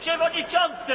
przewodniczący!